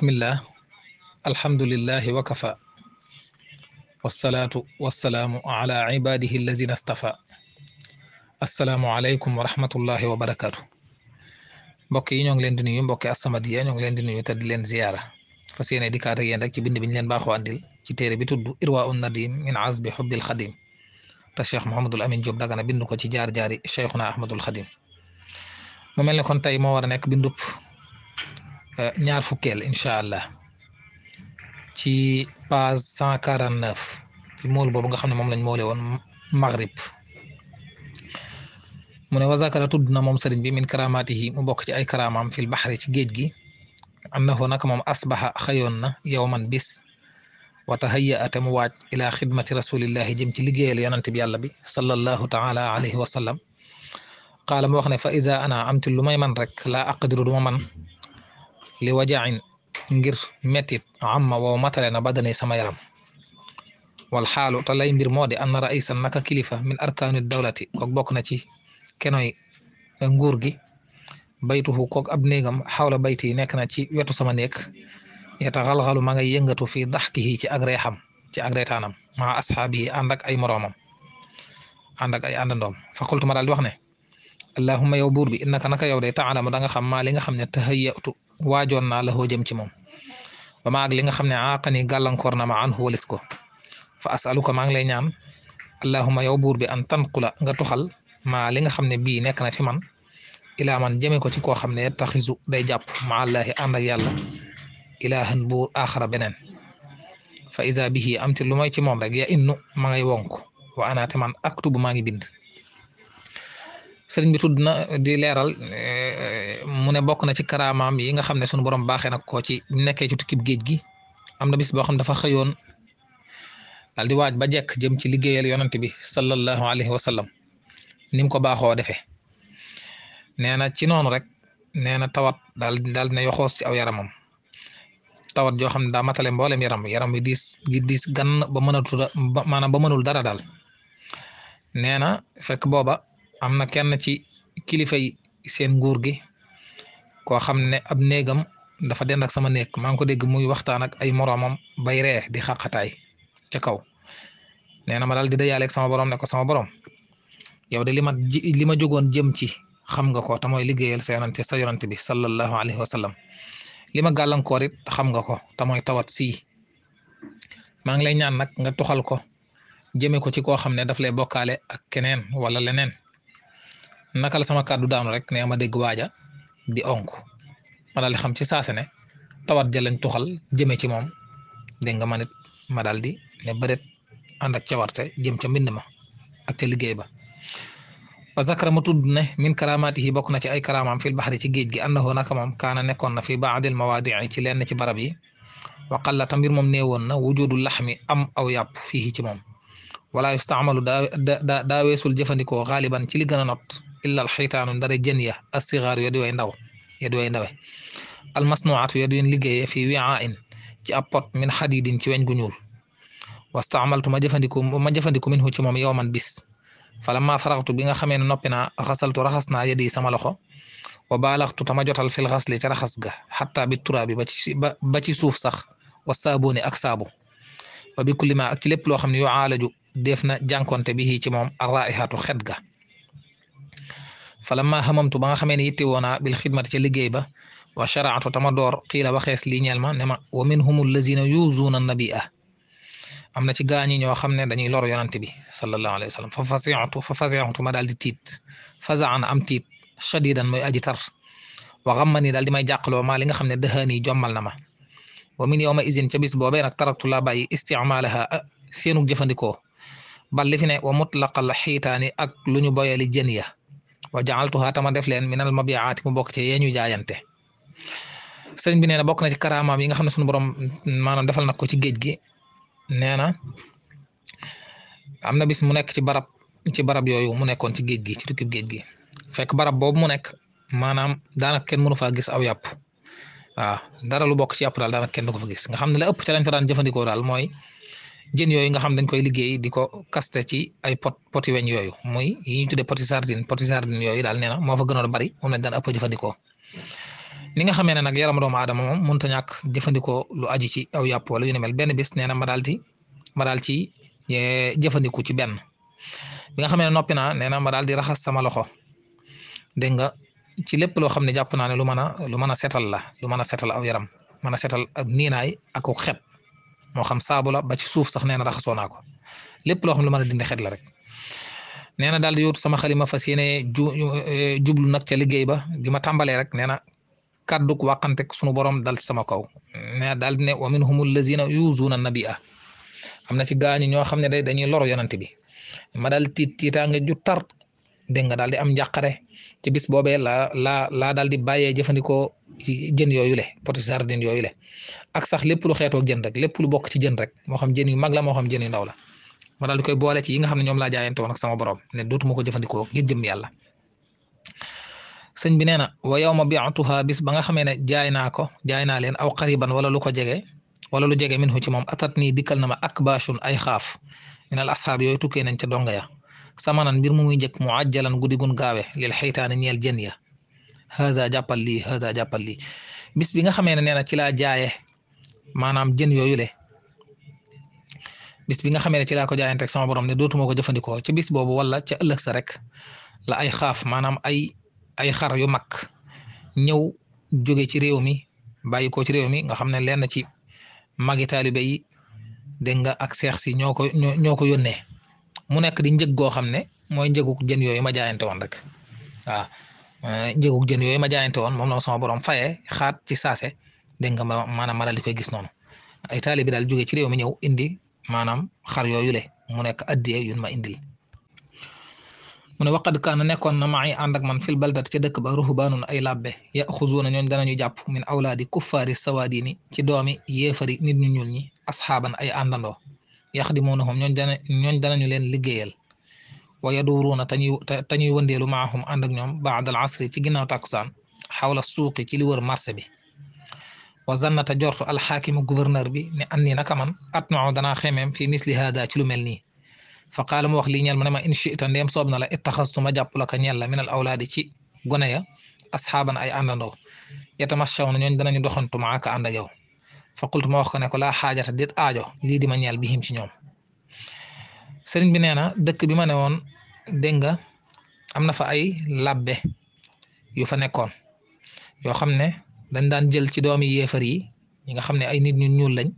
bismillah alhamdulillahi wa kafa wasalaatu wasalaamu ala ibadihi allazina stafa assalaamu aleykum wa rahmatullahi wa barakaatu mbokk yi ñoo ngi leen di nuyu mbokki As-Samadiyya ñoo ngi leen di nuyu te di leen ziyaara fas yéene dikkaat ak yéen rek ci bind bi ñu leen baaxoo andil ci téere bi tudd Irwaa'u Nadiim min azbi hubbil xadim te Cheikh Mouhamadul Amin Diop Dagana bind ko ci jaar jaari Cheikhuna Ahmadul Xadim mu mel ne kon tey moo war a nekk bindub Eh, ñaar fukkeel incha allah ci page cent quarante neuf ci mool boobu nga xam ne moom lañ moole woon maghrib mu ne wazakara tudd na moom sëriñ bi min karamatihi mu bokk ci ay karamaam fil baxri ci géej gi annahu naka moom asbaxa xëyoon na yowman bis wa tahayya ate mu waaj ila xidmati rasulillahi jëm ci liggéeyal yonent bi yàlla bi sallallahu taala alayhi wa sallam qaala mu wax ne fa iza ana amti lu may man rek laa aqdiru duma man li wajain ngir mettit amma wow matale na badani sama yaram wal xaalu te lay mbir moo de anna raïsan naka kilifa min arkaani dawlati kook bokk na ci kenoy eh, nguur gi baytu kook ab néegam xawla bayti yi nekk na ci wetu sama nék yeta xal ma ngay yëngatu fii daxkihi ci ak ci ak reetaanam maa asxaabi ay moroomam ànd ay àndandoom fa qultu ma di wax allahuma yow buur bi innaka naka yow day taalamu da nga xam maa li nga xam ne tahayyatu waajoon naa la hoo jëm ci moom ba ma li nga xam ne aaqani gàllankoor na ma an walis ko fa asaluka maa ngi lay ñaan allahuma yow buur bi an tanqula nga tuxal maa li nga xam ne bii nekk na fi man ilaa man jëme ko ci koo xam ne taxisu day jàpp ma allahi ànd ak yàlla ilaahan buur aaxara beneen fa isa bihi amti lu may ci moom rek ya innu ma ngay wonk wa anaate man aktubu maa ngi bind sëriñ bi tudd na di leeral eh, mu ne bokk na ci karaamaam yi nga xam ne sunu borom baaxee na ko ci nekkee ci tukkib géej gi am na bis boo xam dafa xëyoon daal di waaj ba jekk jëm ci liggéeyal yonent bi sallallahu alayhi wa sallam ni mu ko baaxoo defee nee na ci noonu rek nee na tawat daal daal dina yoxoos ci aw yaramam tawat joo xam ne daa matale mboolem yaram yaram wi diis diis gan ba mënatul maanaam ba mënul dara daal nee na fekk am na kenn ci kilifa yi seen nguur gi koo xam ne ab néegam dafa den ak sama néeg maa ngi ko dégg muy waxtaan ak ay moroomam bay ree di xaqataay ca kaw nee na ma daal di dayaaleeg sama borom ne ko sama borom yow de li ma li ma jógoon jëm ci xam nga ko te mooy liggéeyal sa sa yonante bi sallallahu alayhi wa sallam li ma gàllankoor it xam nga ko te mooy tawat si maa ngi lay ñaan nag nga tuxal ko jëme ko ci koo xam ne daf lay bokkaale ak keneen wala leneen naka la sama kàddu daanu rek ne ma dégg waaja di onk ma daal di xam ci saase ne tawat jëlañ tuxal jëmee ci moom dégg nga ma ma daal di ne bëreet ànd ak cawarte jëm ca mbind ma ak ca liggéey ba wa zakara ma tudd ne min karaamaatihi bokk na ci ay karaamaam fil baxri ci géej gi àndahoo naka moom kaana nekkoon na fi baadil mawaadii ci lenn ci barab yi wa qalla tamir moom néewoon na lax mi am aw yàpp fii ci mom wala yustaamalu daa daa weesul jëfandikoo xaaliban ci li a not illa alxaytaanu ndare jën ya assixaaru ya di way ndaw ya di way ndawe almasnuatu ya di leen liggéeye fii wiaain ci ab pot min xadidin ci weñ gu ñuul wastaamaltu ma jëfandiku ma jëfandiku minhu ci moom yowman bis falamma faraxtu bi nga xamee ne noppi a xasaltu raxas naa yadi sama loxo wa baalaxtu tama jotal fil xasli ca raxas ga xataa bi turaabi ba ci ba ci suuf sax wa saabooni ak saabu wa bi kulli ma ak ci lépp loo xam ne yoo aalaju def na jànkonte bi ci moom arraihatu xet ga falamma xamamtu ba nga xamee ne itti woona bil xidmati ca liggéey ba wa sharaatu tama door xiila waxees lii ñeel ma ne ma wa minhum allazina yuzuuna nabia am na ci gaañi ñoo xam ne dañuy lor yonante bi sallallahu alayhi wa sallam fa fasiatu fa fasiatu ma daal di tiit fasaan am tiit shadidan mooy aji tar wa ni daal di may jàqaloo ma li nga xam ne dëhaanii jommal na ma wa min yawma izin ca bis boobee nag taraktu laa bàyyi isticmaalaha ah, seenug jëfandikoo bal li fi ne wa mutlaqal xiitaani ak lu ñu boyali jën ya wa jaaltuha tama def leen minal mabiaati mu bokk ci yee ñuy jaayante sëriñ bi nee na bokk na ci karaamaam yi nga xam ne suñu borom maanaam defal na ko ci géej gi nee na am na bis mu nekk ci barab ci barab yooyu mu nekkoon ci géej gi ci tukkib géej gi fekk barab boobu mu nekk maanaam ken kenn mënu faa gis aw yàpp waaw dara lu bokk ci yàpp daal daanaka kenn du ko fa gis nga xam ne la ëpp ca lañ daal mooy jën yooyu nga xam dañ koy liggéey di ko kaste ci ay pot poti weñ yooyu moy yi ñu tuddee poti sardine poti sardine yooyu daal nee na moo fa gënoon bari moom lañ daan ëpp jëfandikoo ni nga xamee yaram doomu aadama moom mënut a ñàkk jëfandikoo lu aji ci aw yàpp wala yu ne mel benn bis nee ma daal ci ma daal ci jëfandiku ci benn bi nga xamee ne noppi naa nee na ma daal di raxas sama loxo dégg nga ci lépp loo xam ne jàpp naa ne lu mën a lu mën a setal la lu mën a setal aw yaram ak niinaay ak moo xam saabu la ba ci suuf sax nee na raxasoo naa ko lépp loo xam lu mën a dindi xet rek nee daal di yóotu sama xalima fas yéene ju eh, jublu nag ca liggéey ba bi ma tàmbalee rek nee na kàddu ku wàqante sunu borom dal ci sama kaw nee na daal di ne wa minhum allazina yuzuuna nabia am na ci gaañu ñoo xam ne day dañuy loro yonante bi ma daal tiit tiitaange ju tar dégg nga daal di am njàqare ci bis boobee la la laa daal di bàyyee jëfandikoo ci jën yooyu le poti sardine yooyu le ak sax lépp lu xeetoo jën rek lépp lu bokk ci rek moo xam yu mag la moo xam jën yu ndaw la ma daal di koy boole ci yi nga xam ne ñoom laa jaayante woon ak sama borom ne dootuma ko jëfandikoo ngir jëm yàlla sëñ bi nee na wa yawma bi'tuha bis ba nga xamee ne jaay naa ko jaay naa leen aw qariban wala lu ko jege wala lu jege minhu ci moom atat nii dikkal na ma akbaashun ay xaaf minal asxaab yooyu tu nañ ca donga ya samanan mbir mu muy njëkk mu àjjalan guddi gun gaawe lil xaytaani ñeel jën ya haza jàppal lii jàppal lii bis bi nga xamee ne nee na ci laa jaaye maanaam jën yooyu le bis bi nga xamee ne ci laa ko jaayante sama borom ne dootuma ko jëfandikoo ci bis boobu wala ca ëllëg sa rek la ay xaaf maanaam ay ay xar yu mag ñëw jóge ci réew mi bàyyi ko ci réew mi nga xam ne lenn ci magi taalibe yi dégg nga ak seex si ñoo ko ñoo ko yónnee mu nekk di njëg goo xam ne mooy njëgu jën yooyu ma jaayante woon rek waaw Eh, njëgug jën yooyu ma jaayante woon moom la sama borom fayee xaat ci saase dégg nga maanaam ma di koy gis noonu ay taali bi daal jógee ci réew mi ñëw indi maanaam xar yooyu le mu nekk addiyee yun ma indil mu ne waqad kaana nekkoon na maay ànd man fil baldat ca dëkk ba ruhbaanun ay labbe na ñooñ danañu jàpp min awlaadi kuffaari sawaadini ci doomi yéefari nit ñu ñuul ñi asxaaban ay àndandoo yaxdimuunahum ñooñ dana ñooñ danañu leen liggéeyal wa yaduruuna ta tañuy wëndeelu maahum ànd ak ñoom baadal asri ci ginnaaw tàkkusaan xawla suuqi ci li wër marché bi wa zannata jortu alxaakimu gouverneur bi ne an nii naka man atmau danaa xemeem fii misli haada ci lu mel nii fa qaala mu wax lii ñeel ma ne ma in chita ndeem soob na la ittaxastu ma jàpp la ka ñeel la min al awlaadi ci gone ya asxaaban ay àndandoo yatamashawna ñooñ danañu doxantu maaka ànd ak yow fa qultu ma wax ko ne ko laa xaajata dit aajo lii di ma ñeel bihim ñoom sëriñ bi nee na dëkk bi ma ne woon dégg nga am na fa ay labbe yu fa nekkoon yoo xam ne dañ daan jël ci doomi yéefar yi ñi nga xam ne ay nit ñu ñuul lañ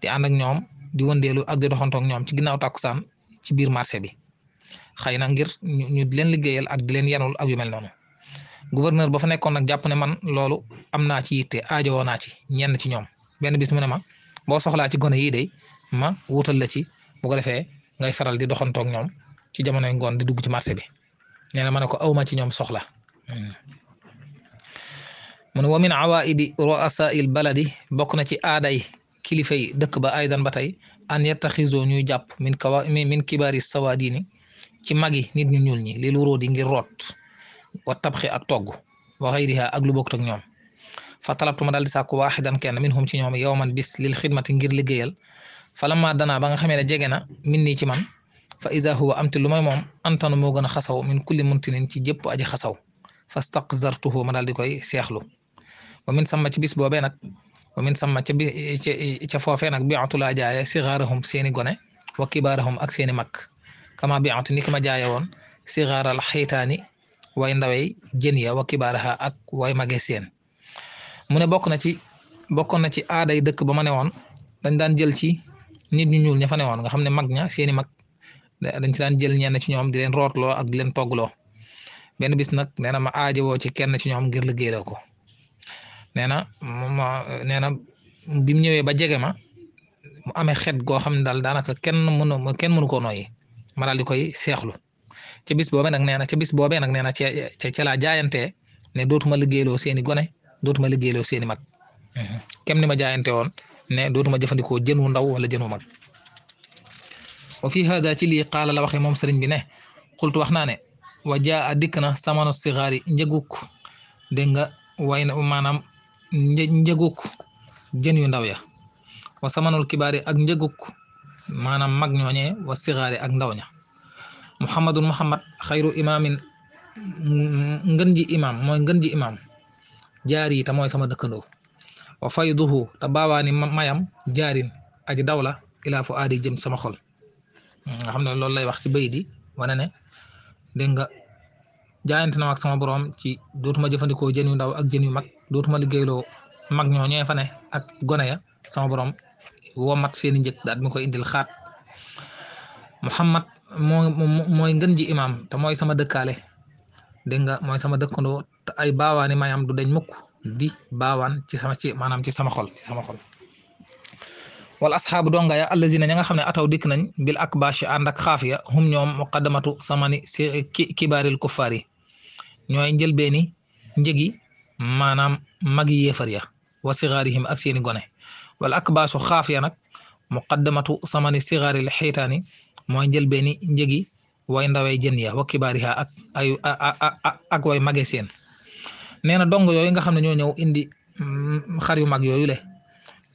te ànd ak ñoom di wëndeelu ak di ñoom ci ginnaaw tàkkusaan ci biir marché bi xëy na ngir ñu di leen liggéeyal ak leen yanul ak yu mel noonu gouverneur ba fa nekkoon nag jàpp ne man loolu am naa ci yitte aajowoo naa ci ñenn ci ñoom benn bis ma ne ma boo soxlaa ci gone yii de ma wutal la ci bu ko defee ngay faral di doxantoog ñoom ci jamonoy ngoon di dugg ci marché bi nee na ma ne ko awma ci ñoom soxla hmm. mun wa min awaidi roasail baladi bokk na ci aaday kilifay dëkk ba aydan ba tey an yettaxiso ñuy jàpp min kawa min kibaari sawaadini ci magi nit ñu ñuul ñi lil wuróodi ngir root wa tabxi ak togg wa xayriha ak lu bokk ak ñoom fa talabtu ma daal di sàkku waaxidan kenn minhum ci ñoom yowman bis lil xidmati ngir liggéeyal falamma danaa ba nga xamee ne jege na min nii ci man fa iza huwa amti lu may moom antanu moo gën a xasaw min kulli muntinin ci jëpp aji xasaw fastaqzartuhu ma daal di koy seexlu wa min sama ci bis boobee nag wa min sama ca bi ca foofee a biatu laa jaaye sigaarahum seeni gone wa kibaarahum ak seeni mag kama biatu ni ki ma jaaye woon sigaaral xiitaani way ndawey jën ya wa kibaaraha ak way mage seen mu ne bokk na ci bokkoon na ci aaday dëkk ba ma ne woon dañ daan jël ci nit ñu ñuul ña fa newoon nga xam ne mag ña seeni mag dañ ci daan jël ñenn ci ñoom di leen rootloo a di leen toggloo benn bis nag nee na ma aajowoo ci kenn ci ñoom ngir liggéeyloo ko nee na ma nee na bi ñëwee ba jege ma mu amee xet goo xam ne daal daanaka kenn mënu kenn mënu koo nooyi ma di koy seexlu ca bis boobe nag nee na ca bis boobee nag nee na ca ca laa jaayantee ne dootuma liggéeyloo seeni gone dootuma liggéeyloo seeni mag mhm. kem ni ma jaayante woon ne dootuma jëfandikoo jën wu ndaw wala jën wu mag wa fi hada ci lii qaala la waxe moom sëriñ bi ne xultu wax naa ne wa jaa dikk na samano sigaari njëguk dégg nga way na maanaam njëguk jën yu ndaw ya wa samanul kibaari ak njëguk maanaam mag ñooñee wa sigaari ak ndaw ña muhammadun muhammad xayru imaamin ngën ji imaam mooy ngën ji imaam jaari ta mooy sama dëkkandoo wa fayduhu te baabaani mayam jaarin aji daw la ilaa fu aadi jëm sama xol hmm, nga xam ne lay wax ci ba di wane ne dégg nga jaayante na ak sama borom ci dootuma jëfandikoo jën yu ndaw ak jën yu mag dootuma liggéeyloo mag fa ne ak gone ya sama borom woo mat seen i njëg daal mi koy indil xaat Muhammad moo mooy ngën ji imaam te mooy sama dëkkaale dégg nga mooy sama dëkkandoo te ay baawaani mayam du deñ mukk di baawaan ci sama maanaam ci sama xol ci sama xol wala asxaabu donga ya allazina ña xam ne ataw dikk nañ bil akbashi ànd ak xaafiya hum ñoom muqaddamatu samani si kibaaril kuffaar yi ñooy njëlbeeni njëgi maanaam magi yéefar ya wa sigaarihim ak seeni gone wala akbaasu xaafiya nag muqaddamatu samani sigaaril xiitaani mooy njëlbeeni njëgi way ndaway jën wa kibaariha ak ak way mage seen nee na dong yooyu nga xam ne ñoo ñëw indi mm, xar yu mag yooyu le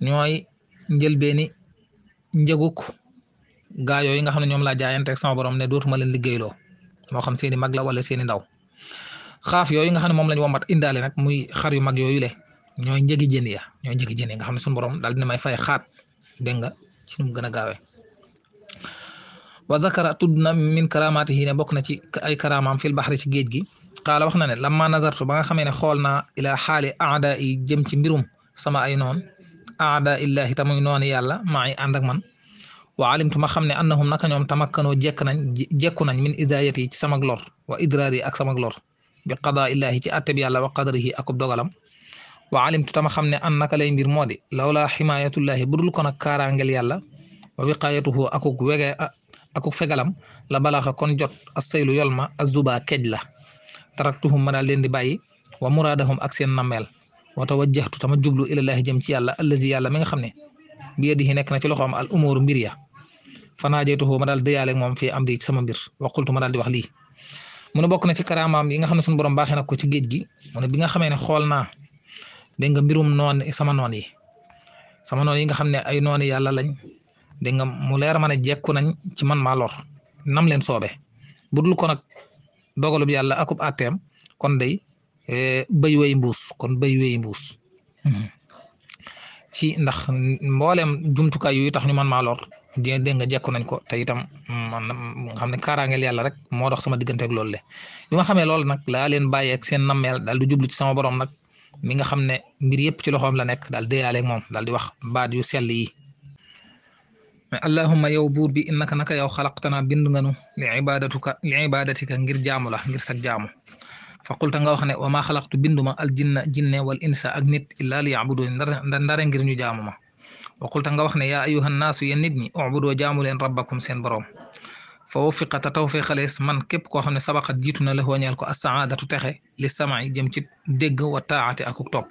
ñooy njëlbeeni njëguk gaa yooyu nga xam ne ñoom laa jaayanteeg sama borom ne dootuma leen liggéeyloo moo xam seeni mag la wala seeni ndaw xaaf yooyu nga xam ne moom lañ womat indaale nag muy xar yu mag yooyu le ñooy njëgi jën ya ñooy njëgi jën nga xam ne suñu borom daal dina may fay xaat dégg nga ci nu mu gën a gaawee wa tudd na min karaamaati yi ne bokk na ci ay karaamaam fil baxri ci géej gi qaala wax na ne lamma nazartu ba nga xamee ne xool naa ilaa xaali aada yi jëm ci mbirum sama ay noon aada illahi tamuy noonu yàlla maa ngi ànd ak man wa alimtu ma xam ne annahum naka ñoom tamakkanoo jekk nañ jekku nañ min idaayati yi ci samag lor wa idraar yi ak samag lor bi qadaa illahi ci atteb yàlla wa qadarihi akub dogalam wa alimtu tama xam ne an naka lay mbir moo di lawla ximaayatullahi budul ko nag kaaraangel yàlla wa wiqaayatuhu akuk wege akuk fegalam la balaxa kon jot as saylu yol a azuba kej la taraktuhum ma daal leen di bàyyi wa muraadahum ak seen nammeel wa tawajjahtu tama jublu ilallaahi jëm ci yàlla allazi yàlla mi nga xam ne bi yadihi nekk na ci loxoom al umuru mbir ya fanaajaytuhu ma daal dayaale moom fii amri ci sama mbir wa qultu ma daal di wax lii mu ne bokk na ci karaamaam yi nga xam ne suñu borom baaxee na ko ci géej gi mu ne bi nga xamee ne xool naa dégg nga mbirum noon sama noon yi sama noon yi nga xam ne ay noonu yàlla lañ dégg nga mu leer ma ne jekku nañ ci man maa lor nam leen soobe budul ko nag dogalub yàlla akub àtteem kon day eh, béy wey mbuus kon béy wey mbuus hmm. ci ndax mboolem jumtukaay yooyu tax ñu man maa lor dégg nga jekku nañ ko te itam man nga xam ne kaaraangeel yàlla rek moo dox sama digganteeg loolu le bi ma xamee loolu nag laa leen bàyyeeg seen nammeel daal du jublu ci sama borom nag mi nga xam ne mbir yëpp ci loxoom la nekk daal déyaaleeg moom daal di wax baat yu sell yi. mais allahumma yow buur bi innaka naka yow xalaqtana bind nga nu li ibadatuka li ibadatika ngir jaamu la ngir sag jaamu fa qulta nga wax ne wa ma xalaqtu binduma al jinna jinne wal insa ak nit illa li yabudun ndare ngir ñu jaamu ma wa qulta nga wax ne yaa ayuha naasu yéen nit ñi ubudoo jaamu leen rabbakum seen borom fa wafiqa ta taw fee man képp koo xam ne sabaqat jiitu na le xooñeel ko assaadatu texe li samaay jëm ci dégg wa taati akuk topp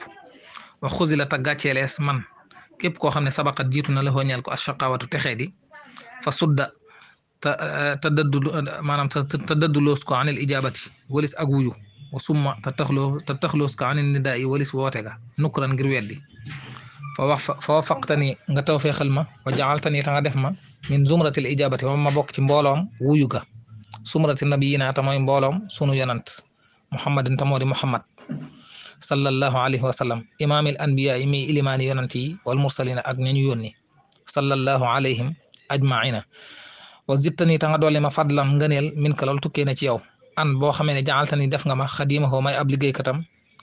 wa xusila ta gàcceelees man képp koo xam ne sabaqat jiitu na la xoo ñeel ko ashaqawatu texee di fa sudda te eh, te dëddu maanaam te dëddu loos ko anil ijaabati walis ak wuyu wa summa te taxloo te taxloos ko anil nidaa yi walis woote ga nukkuran ngir weddi fa wax fa nga taw feexal ma wa jaaltani ta nga def ma min zumratil ijaabati moom ma bokk ci mbooloom wuyu ga sumrati a ta mooy mbooloom sunu yonant muhammadin ta moo muhammad sallallahu alayhi wa sallam imaamil anbiya yi muy ilimaani yonant yi wal mursalina ak ñañu yónni sallallahu alayhim ajmaina wa zittani ta nga doole ma fadlan ngëneel min ka lool tukkee na ci yow an boo xamee ne jaaltani def nga ma xadimahu may ab liggéeykatam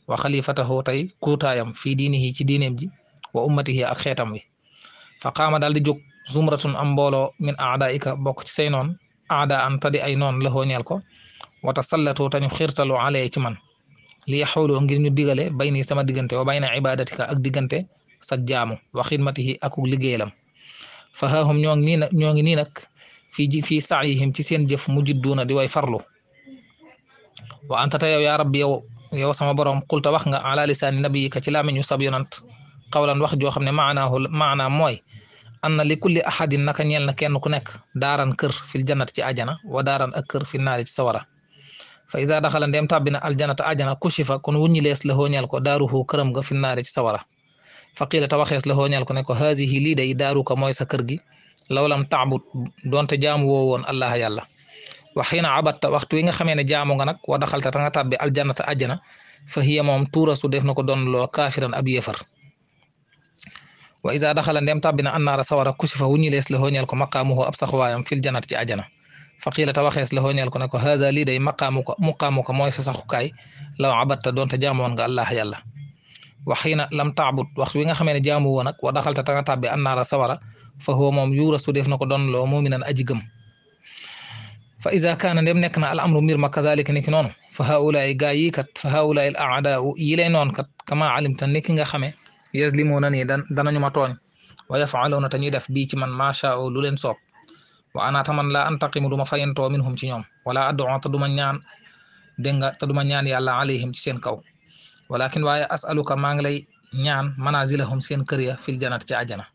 wa xalifatahu tey kuutaayam fii diinihi ci diineem ji wa ummatihi ak xeetam wi fa qaama daal di jóg zumratun am mbooloo min aadaika bokk ci say noon aada an tadi ay noon la hooñeel ko wata sallatu tañu xiirtalu alee ci man li yaxooloo ngir ñu digale bay nii sama diggante wa bayna ibadatika ak diggante sa jaamu wa xidmatihi ak liggéeyalam fa haahum ñoo ngi nii nag ñoo ngi nii nag fii ji fii saayihim ci seen jëf mu judduuna di way farlu wa antata yow yaa rabbi yow yow sama borom xulta wax nga ala lisaani nabiyika ci laamiñu sab yonant xawlan wax joo xam ne maanaahu maanaam mooy an na li kulli ahadin naka ñeel na kenn ku nekk daaran kër fil jannat ci ajana wa daaran ak kër fi naari ci sawara fa isa daxala ndeem tàbbina aljanata ajana kushifa kon wuññi lees la xooñeel ko daaruhu këram ga fi naari ci sawara fa qiila ta waxees la xooñeel ko ne ko haasihi lii day daaru ko mooy sa kër gi lawlam taabut doonte jaamu woo woon allaha yàlla wa xiina abatta waxtu wi nga xamee ne jaamu nga nag wa daxalta ta nga tàbbi aljanata ajana fa hiya moom tuurasu def na ko doon loo kaafiran ab yéefar wa isa daxala ndeem tàbbina annaara sawara kushifa wuññi lees la xooñeel ko maqaamuhu ab saxuwaayam fil janat ci ajana faqiila ta waxees la xooñeel ko ne ko haza lii day maqaamu ko muqaamu ko mooy sa saxukaay law abatta doonte jaamoon nga allah yàlla waxiina lam taabut wax wi nga xamee ne jaamu woon nag wa daxalta ta nga tàbbi annaara sawara fa huwa moom yuurasu def na ko doon loo muminan aji gëm fa iza kaana ndem nekk na al amru mbir ma kazalik niki noonu fa haulaay gaa yi kat fa haulaay a aadaau yi lay noon kat kama alimta niki nga xamee yaslimuuna nii danañu tooñ wa yafaluuna wa ana taman laa antaqimu du ma fayantoo minhum ci ñoom wala addu te du ma ñaan dégg nga te du ma ñaan yàlla alayhim ci seen kaw walakin waaye asaluka maa ngi lay ñaan manazilahum seen kër ya fil janat ci àjjana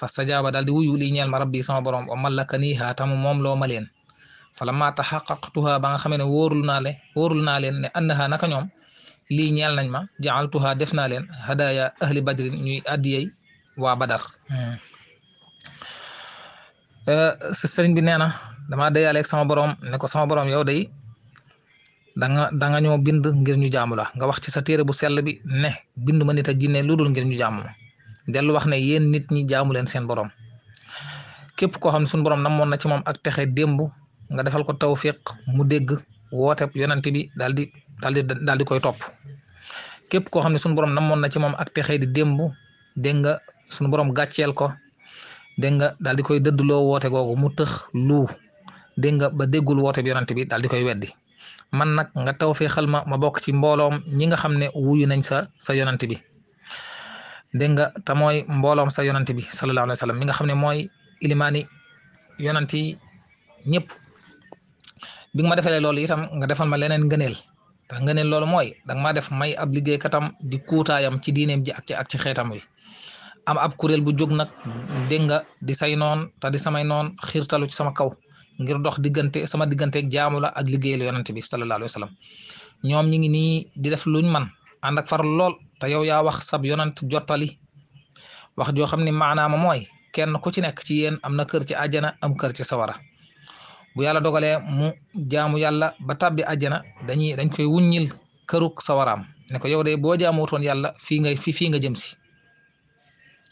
fastajaaba daal di wuyu li ñeel ma rabbi sama borom wa mallakaniha tam moom loo ma leen falamma taxaqaqtuha ba nga xamee ne wóorul naa le wóorul naa leen ne annaha naka ñoom lii ñeel nañ ma jaaltuha def naa leen hadaya ahli badrin ñuy addiyey waa badar hmm. Eh, si sëriñ bi nee na damaa dayaale ak sama borom ne ko sama boroom yow day da nga da nga ñoo bind ngir ñu jaamu nga wax ci sa téere bu sell bi ne bind ma nit ak jinne lu dul ngir ñu jaamu ma dellu wax ne yéen nit ñi jaamu leen seen borom képp koo xam ne suñu borom namoon na ci moom ak texe démb nga defal ko tawfiq mu dégg wooteeb yonent bi daal di daal daal di koy topp képp koo xam ne suñu borom namoon na ci moom ak texe di démb dégg nga suñu borom gàcceel ko. dégg nga daal di koy dëddloo woote googu mu tëx lu dégg nga ba déggul woote bi bi daal di koy weddi man nag nga taw fee xal ma ma bokk ci mbooloom ñi nga xam ne wuyu nañ sa sa yonante bi dégg nga te mooy mbooloom sa yonante bi sallallahu alayhi wa sallam mi nga xam ne mooy ilimaani yonante yi ñëpp bi nga ma defalee loolu itam nga defal ma leneen ngëneel tax ngëneel loolu mooy danga ma def may ab liggéey katam di kuutaayam ci diineem ji ak ci ak ci xeetam wi am ab kuréel bu jóg nag dégg nga di say noon te di samay noon xiirtalu ci sama kaw ngir dox diggante sama diggante ak jaamu la ak liggéeyal yonent bi sallallahu alayhi wa sallam ñoom ñi ngi nii di def luñ man ànd ak far lool te yow yaa wax sab yonent jottali wax joo xam ne maanaama mooy kenn ku ci nekk ci yéen am na kër ci àjjana am kër ci sawara bu yàlla dogalee mu jaamu yàlla ba tàbbi àjjana dañuy dañ koy wuññil këruk sawaraam ne ko yow de boo jaamu wutoon yàlla fii nga fii nga jëm si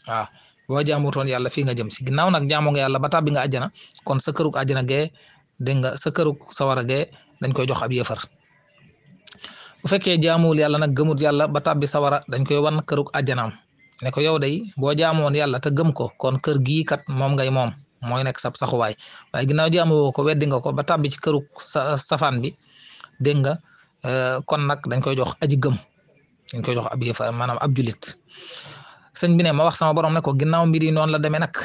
waaw boo jaamutoon yàlla fii nga jëm si ginnaaw nag jaamoo nga yàlla ba tàbbi nga àjjana kon sa këruk àjjana gee dégg nga sa këruk sawara gee dañ koy jox ab yëfar bu fekkee jaamuwul yàlla nag gëmut yàlla ba tàbbi sawara dañ koy wan këruk àjjanaam ne ko yow day boo jaamoon yàlla te gëm ko kon kër gii kat moom ngay moom mooy nekk sab saxuwaay waaye ginnaaw jaamoo ko weddi nga ko ba tàbbi ci këruk safaan bi dégg nga euh, kon nag dañ koy jox aji gëm dañ koy jox ab yëfar maanaam ab julit sëñ bi ne ma wax sama borom ne ko ginnaaw mbir yi la demee nag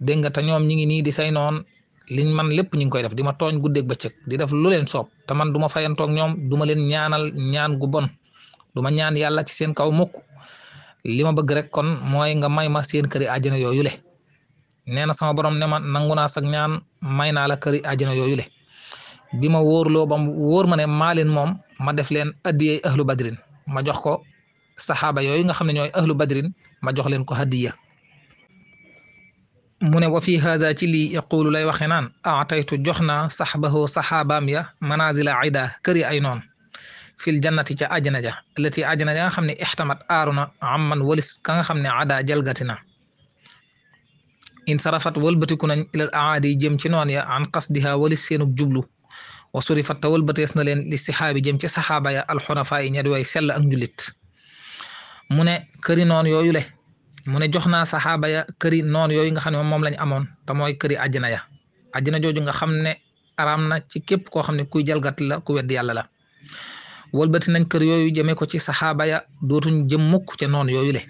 dégg nga te ñoom ñi ngi nii di say noon liñ man lépp ñu ngi koy def di ma tooñ guddeeg bëccëg di def lu leen soob te man duma ma fayantoog ñoom duma leen ñaanal ñaan gu bon du ma ñaan yàlla ci seen kaw mukk li ma bëgg rek kon mooy nga may ma seen këri àjjana yooyu le nee na sama borom ne ma nangu naa sax ñaan may naa la këri àjjana yooyu le bi ma wóorloo ba mu wóor ma ne maa leen moom ma def leen addiyey saxaaba yooyu nga xam ne ñooy ahlu badrin ma jox leen ko hadiya mu ne wa fi haza ci lii yaqulu lay waxe naan ataytu jox naa saxbahu saxaabaam ya manazila ida këri ay noon fil jannati ca àjjana ja lati àjjana ja nga xam ne ixtamat aaru na amman walis ka nga xam ne ada jalgati na in sarafat walbatiku nañ ilal aadi jëm ci noon ya an qasdiha walis seenug jublu wa surifat ta walbatees na leen li sixaabi jëm ci saxaaba ya alxunafa yi way sell mu ne këri noonu yooyu le mu ne jox naa saxaaba ya këri noonu yooyu nga xam ne moom lañ amoon te mooy këri àjjana ya àjjana jooju nga xam ne araam na ci képp koo xam ne kuy jalgat la ku wedd yàlla la wëlbati nañ kër yooyu jëmee ko ci saxaaba ya dootuñ jëm mukk ca noonu yooyu le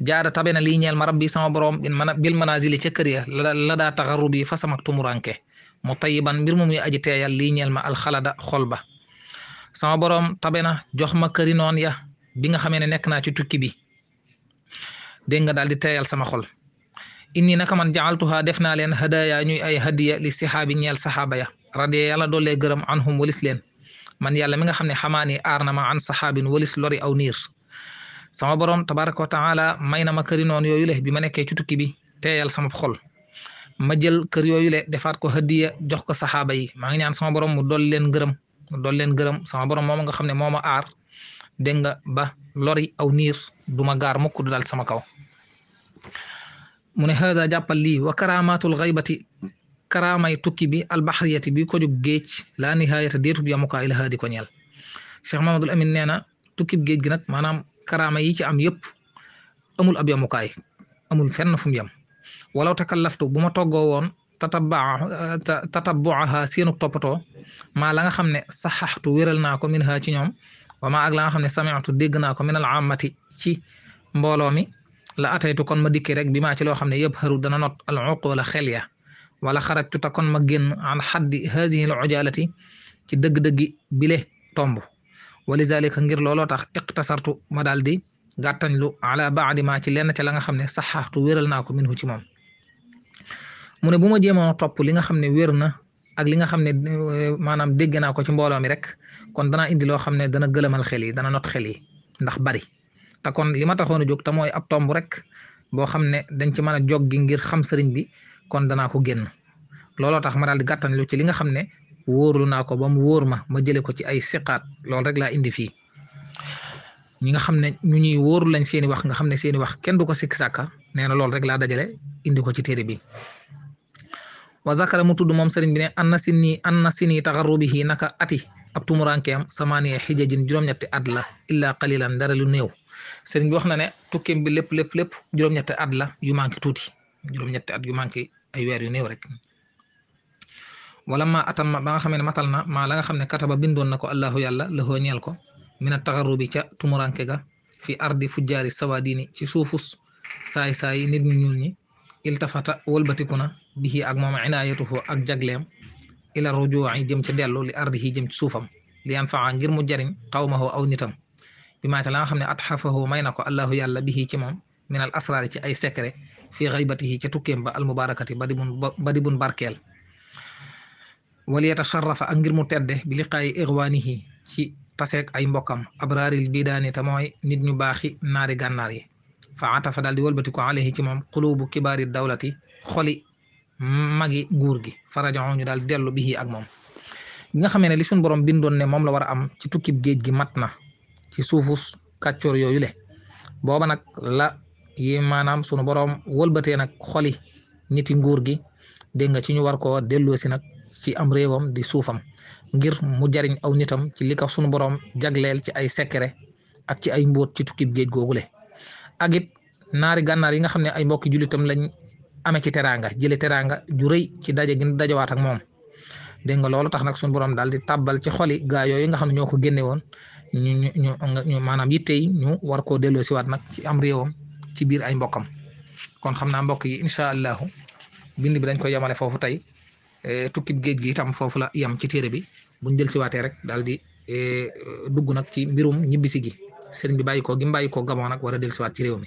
jaada tabe na lii ñeel ma rabbi sama borom bil manazili ca kër ya la daa taxarubi fa samak tumuranke mu tayiban mbir mu muy aji teeyal lii ñeel ma alxalada xol ba sama borom tabe jox ma këri noon ya bi nga xamee ne nekk naa ci tukki bi dégg nga daal di teyal sama xol inni naka man jaaltuha def naa leen hadaya ñuy ay hadiya li sixaabi ñeel saxaaba ya radiya yàlla doolee gërëm anhum walis leen man yàlla mi nga xam ne xamaa ni aar na ma an saxaabin walis lori aw niir sama borom tabaraka wa taala may na ma këri noon yooyu le bi ma nekkee ci tukki bi teeyal sama xol ma jël kër yooyu le defaat ko hadiya jox ko saxaaba yi maa ngi ñaan sama borom mu dool leen gërëm mu dool leen gërëm sama xam ne moo ma dégg nga ba lori aw niir duma gaar mukk du dal sama kaw mu ne haza jàppal lii wa karaamatul xaybati karaamay tukki bi albaxriyati bi ko jóg géej laa nihaayata déetub yamukaa ilahaa di ko ñeel Cheikh Mamadul Amin nee na tukkib géej gi nag maanaam karaama yi ci am yëpp amul ab yamukaay amul fenn fu mu yem walaw takallaftu bu ma toggoo woon tatabaa tatabuaha seenu toppatoo maa la nga xam ne saxaxtu wéral naa ko min ha ci ñoom wama ak la nga xam ne sami'tu dégg naa ko min al ci mbooloo mi la ataytu kon ma dikki rek bi ma ci loo xam ne yëpp xaru dana not al uqula xel ya wala xarajtu ta kon ma génn an xaddi haasihi al ujaalati ci dëgg-dëggi bile tomb wali zalika ngir looloo tax iqtasartu ma daal di gàttañ lu ala baadi ma ci lenn ca la nga xam ne saxaxtu wéral naa ko minhu ci moom mu ne bu ma jéemoon topp li nga xam ne wér ak li nga xam ne euh, maanaam dégg naa ko ci mbooloo mi rek kon danaa indi loo xam ne dana gëlëmal xel yi dana not xeli ndax bari te kon li ma taxoon a jóg te mooy ab tomb rek boo xam ne dañ ci mën a jog gi ngir xam sëriñ bi kon danaa ko génn looloo tax ma daal di gàttan lu ci li nga xam ne wóorlu naa ko ba mu wóor ma ma jëlee ko ci ay siqaat loolu rek laa indi fii ñi nga xam ne ñu ñuy wóoru lañ seeni wax nga xam ne seeni wax kenn du ko sikk sàkka nee na loolu rek laa dajale indi ko ci téere bi wa zakara mu tudd moom sëriñ bi ne an na sinni an na sinni taxarrubihi naka ati ab tumurankeem samaaniya xijajin juróom-ñetti at la illaa qalilan dara lu néew sëriñ bi wax na ne tukkeem bi lépp lépp lépp juróom-ñetti at la yu tuuti juróom-ñetti at yu manqué ay weer yu néew rek wala ma atam ma ba nga xamee ne matal na maa la nga xam ne kataba bindoon na ko allahu yàlla lahoo ñeel ko mina taxarrubi ca tumuranke ga fi ardi fujjaari sawaadini ci suufus saay saay nit ñu ñuul ñi iltafata wëlbatiku na bihi ak moom inaayatuhu ak jagleem ila rujuu'i jëm ci dellu li ardihi jëm ci suufam li a ngir mu jariñ qawmahu aw nitam bi maata la nga xam ne atxafahu may na ko allahu yàlla bihi ci moom min al asraari ci ay secret fi xaybatihi ca tukkeem ba al mubaarakati ba di bun ba di bun barkeel wal ngir mu tedde bi liqaayi ixwaanihi ci taseek ay mbokkam abraaril bidaani te mooy nit ñu baaxi naari gànnaar yi a atafa daal di walbati ko alayhi ci magi nguur gi farajaxoo ñu daal dellu bi ak moom bi nga xamee ne li suñ borom bindoon ne moom la war a am ci tukkib géej gi mat na ci suufus kàccoor yooyu le booba nag la yi maanaam sunu boroom wëlbatee nag xoli niti nguur gi dégg nga ci ñu war koo delloosi nag ci am réewam di suufam ngir mu jariñ aw nitam ci li ko sunu boroom jagleel ci ay secret ak ci ay mbóot ci tukkib géej googu le ak it naari gànnaar yi nga xam ne ay mbokki jullitam lañ amee ci teraanga jëlee teraanga ju ci daje gi dajawaat ak moom dégg nga loolu tax nag suñu borom daal di tabbal ci xoli gaa yooyu nga xam ne ñoo ko génne woon ñu ñu ñu maanaam yitte yi ñu war koo siwaat nag ci am réewam ci biir ay mbokkam kon xam naa mbokk yi incha allahu bind bi dañ koy yemale foofu tey e, tukkib géej gi itam foofu la yem ci téere bi buñ dellusiwaatee rek daal di e, dugg nag ci mbirum ñibbisi gi sëriñ bi bàyyi ko gi mu bàyyi ko gamoo nag war dellusiwaat ci réew mi.